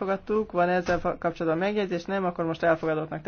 elfogadtuk, van ezzel kapcsolatban megjegyzés, nem, akkor most elfogadottnak